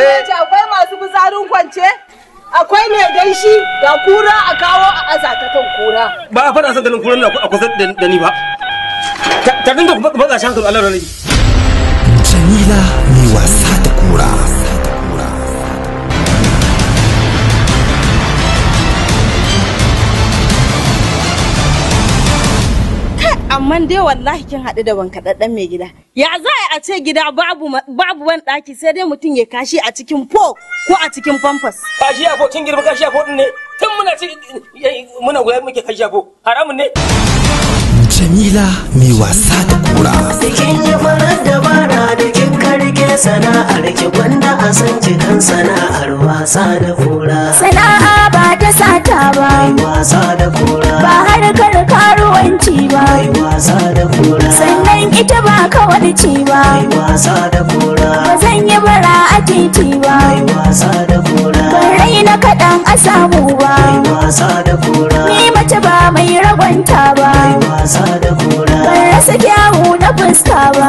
ce akwai masu bizarin kwance akwai mai gaishi da kura a kawo a aza kura ba a faɗa san ganin kuran a kusa da ni ba ta dinga matsa shankar Allah ranaji Jamila mai wasa da kura amma dai wallahi kin haɗu da bankaɗaɗɗen mai gida ya za a ce gida babu babu ban ɗaki sai dai mutum ya kashi a cikin po ko a cikin famfas kashi a ko kin girma kashi a ko ne tun muna ci eh, muna goyar muke kashi a ko haramun ne Jamila mai wasa da kura Sikin yi farar dabara da kin karge sana'ar ki gwanda a san cikin sana'ar wasa da kura sata ba ba harkar karuwanci ba sannan ita ba kawarci ce ba ba zan yi bara a titi ba ban raina kaɗan a samu ba ni mace ba mai ragwanta ba ban rasa kyawu na fuska ba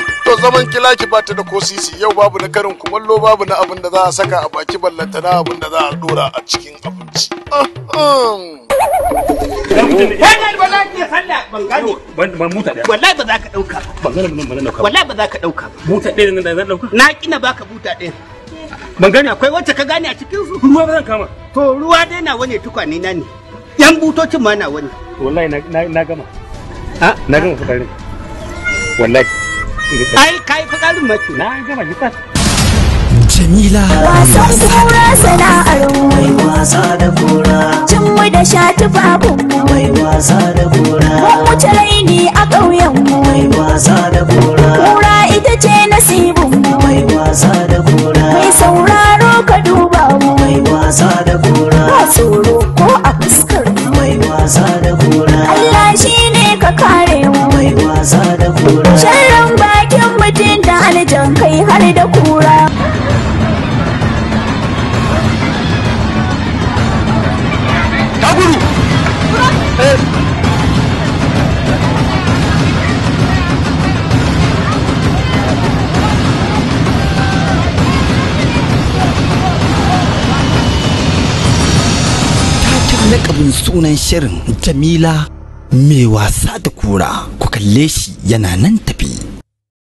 zaman kilaki ba ta da ko yau babu na karin kumallo babu na abin da za a saka a baki ballanta na abin da za a dora a cikin abinci. Wallahi ba za ka ɗauka ba. Wallahi ba za ka ɗauka ba. Buta ɗaya ne da zan ɗauka? Na kina baka buta ɗaya. Ban gane akwai wacce ka gane a cikin su. Ruwa ba zan kama. To ruwa dai nawa ne tukwane na ne. Yan butocin ma nawa ne. Wallahi na gama. Na gama fitarin. Wallahi. ai kai fitsarin mace na gama gitar Jamila wasan kura sana'ar mu mai wasa da kura cin mu da sha tufafin mu mai wasa da kura mun wuce raini a ƙauyen mu mai wasa da kura kura ita ce nasibin mu mai wasa da kura mai sauraro ka duba mu mai wasa da kura ba tsoro ko a fuskar mu mai wasa da kura Allah shine ka kare mu mai wasa da kura lakabin sunan shirin jamila mai wasa da kura ku kalle shi yana nan tafi